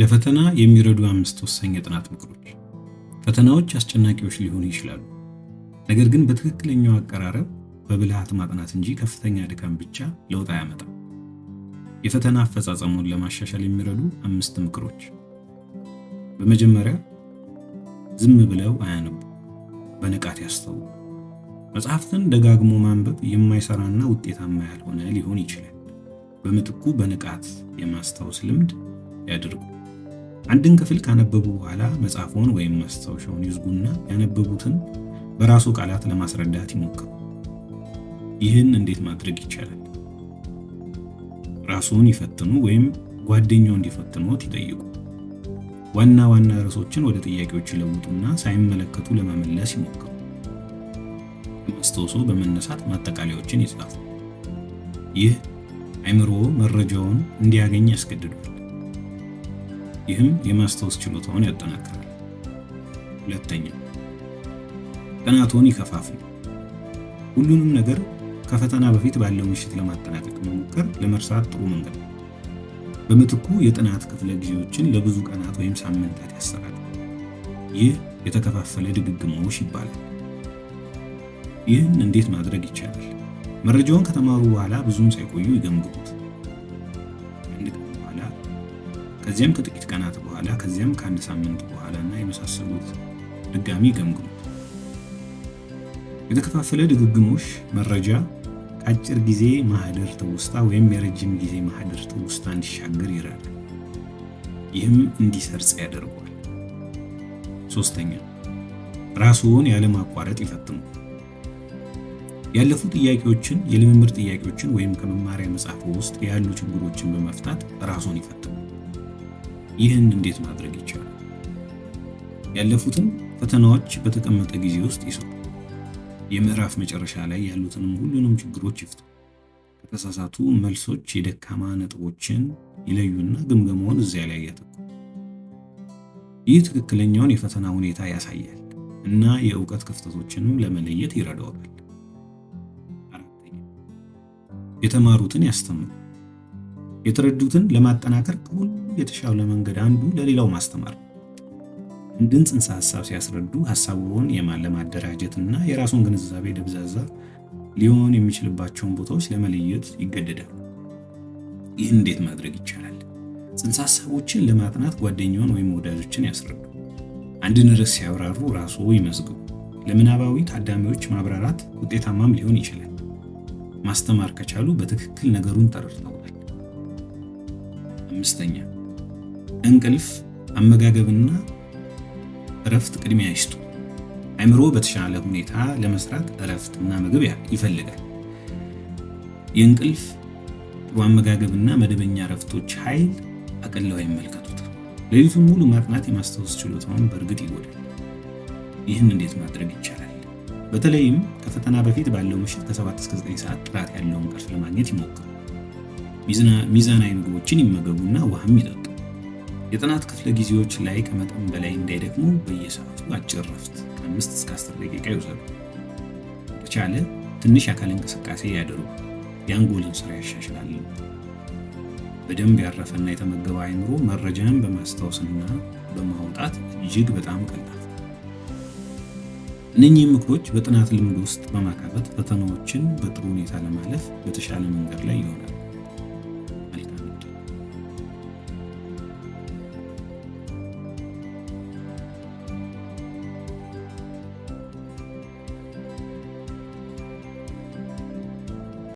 ለፈተና የሚረዱ አምስት ወሳኝ የጥናት ምክሮች። ፈተናዎች አስጨናቂዎች ሊሆኑ ይችላሉ፣ ነገር ግን በትክክለኛው አቀራረብ በብልሃት ማጥናት እንጂ ከፍተኛ ድካም ብቻ ለውጥ አያመጣም። የፈተና አፈጻጸሙን ለማሻሻል የሚረዱ አምስት ምክሮች። በመጀመሪያ ዝም ብለው አያነቡ፣ በንቃት ያስተው። መጽሐፍትን ደጋግሞ ማንበብ የማይሰራና ውጤታማ ያልሆነ ሊሆን ይችላል። በምትኩ በንቃት የማስታወስ ልምድ ያድርጉ። አንድን ክፍል ካነበቡ በኋላ መጽሐፎን ወይም ማስታወሻውን ይዝጉና ያነበቡትን በራሱ ቃላት ለማስረዳት ይሞክሩ። ይህን እንዴት ማድረግ ይቻላል? ራሱን ይፈትኑ ወይም ጓደኛው እንዲፈትኖት ይጠይቁ። ዋና ዋና ርዕሶችን ወደ ጥያቄዎች ይለውጡና ሳይመለከቱ ለመመለስ ይሞክሩ። ማስታወሶ በመነሳት ማጠቃለያዎችን ይጻፉ። ይህ አይምሮ መረጃውን እንዲያገኝ ያስገድዷል። ይህም የማስታወስ ችሎታውን ያጠናክራል። ሁለተኛ፣ ቀናቶን ይከፋፍሉ። ሁሉንም ነገር ከፈተና በፊት ባለው ምሽት ለማጠናቀቅ መሞከር ለመርሳት ጥሩ መንገድ ነው። በምትኩ የጥናት ክፍለ ጊዜዎችን ለብዙ ቀናት ወይም ሳምንታት ያሰራል። ይህ የተከፋፈለ ድግግሞሽ ይባላል። ይህን እንዴት ማድረግ ይቻላል? መረጃውን ከተማሩ በኋላ ብዙም ሳይቆዩ ይገምግሙት። ከዚያም ከጥቂት ቀናት በኋላ ከዚያም ከአንድ ሳምንት በኋላ እና የመሳሰሉት ድጋሚ ገምግሙ። የተከፋፈለ ድግግሞሽ መረጃ ከአጭር ጊዜ ማህደር ትውስታ ወይም የረጅም ጊዜ ማህደር ትውስታ እንዲሻገር ይረዳል። ይህም እንዲሰርጽ ያደርገዋል። ሶስተኛ ራስዎን ያለማቋረጥ ይፈትኑ። ያለፉ ጥያቄዎችን፣ የልምምድ ጥያቄዎችን ወይም ከመማሪያ መጽሐፍ ውስጥ ያሉ ችግሮችን በመፍታት ራስዎን ይፈትኑ። ይህን እንዴት ማድረግ ይቻላል? ያለፉትን ፈተናዎች በተቀመጠ ጊዜ ውስጥ ይሰሩ። የምዕራፍ መጨረሻ ላይ ያሉትንም ሁሉንም ችግሮች ይፍቱ። ከተሳሳቱ መልሶች የደካማ ነጥቦችን ይለዩና ግምገማውን እዚያ ላይ ያተኩ። ይህ ትክክለኛውን የፈተና ሁኔታ ያሳያል እና የእውቀት ክፍተቶችንም ለመለየት ይረዳዋል። የተማሩትን ያስተምሩ። የተረዱትን ለማጠናከር ከሁሉ የተሻለ መንገድ አንዱ ለሌላው ማስተማር እንድን ጽንሰ ሀሳብ ሲያስረዱ ሀሳቡን ለማደራጀት እና የራሱን ግንዛቤ ደብዛዛ ሊሆን የሚችልባቸውን ቦታዎች ለመለየት ይገደዳል። ይህን እንዴት ማድረግ ይቻላል? ጽንሰ ሀሳቦችን ለማጥናት ጓደኛውን ወይም ወዳጆችን ያስረዱ። አንድን ርዕስ ሲያብራሩ ራሱ ይመዝግቡ። ለምናባዊ ታዳሚዎች ማብራራት ውጤታማም ሊሆን ይችላል። ማስተማር ከቻሉ በትክክል ነገሩን ተረድተዋል። አምስተኛ እንቅልፍ፣ አመጋገብና እረፍት ቅድሚያ ይስጡ። አእምሮ በተሻለ ሁኔታ ለመስራት እረፍትና ምግብ ይፈልጋል። የእንቅልፍ ጥሩ አመጋገብና መደበኛ እረፍቶች ኃይል አቅለው አይመልከቱት። ሌሊቱን ሙሉ ማጥናት የማስታወስ ችሎታውን በእርግጥ ይጎዳል። ይህን እንዴት ማድረግ ይቻላል? በተለይም ከፈተና በፊት ባለው ምሽት ከ7 እስከ 9 ሰዓት ጥራት ያለው እንቅልፍ ለማግኘት ይሞክሩ። ሚዛናዊ ምግቦችን ይመገቡና ውሃም ይጠጡ። የጥናት ክፍለ ጊዜዎች ላይ ከመጠን በላይ እንዳይደክሙ በየሰዓቱ አጭር ረፍት ከአምስት እስከ አስር ደቂቃ ይውሰዱ። ከቻለ ትንሽ የአካል እንቅስቃሴ ያደሩ፣ የአንጎልን ስራ ያሻሽላል። በደንብ ያረፈና የተመገበ አይምሮ መረጃን በማስታወስና በማውጣት እጅግ በጣም ቀላል። እነኚህ ምክሮች በጥናት ልምድ ውስጥ በማካፈት ፈተናዎችን በጥሩ ሁኔታ ለማለፍ በተሻለ መንገድ ላይ ይሆናል።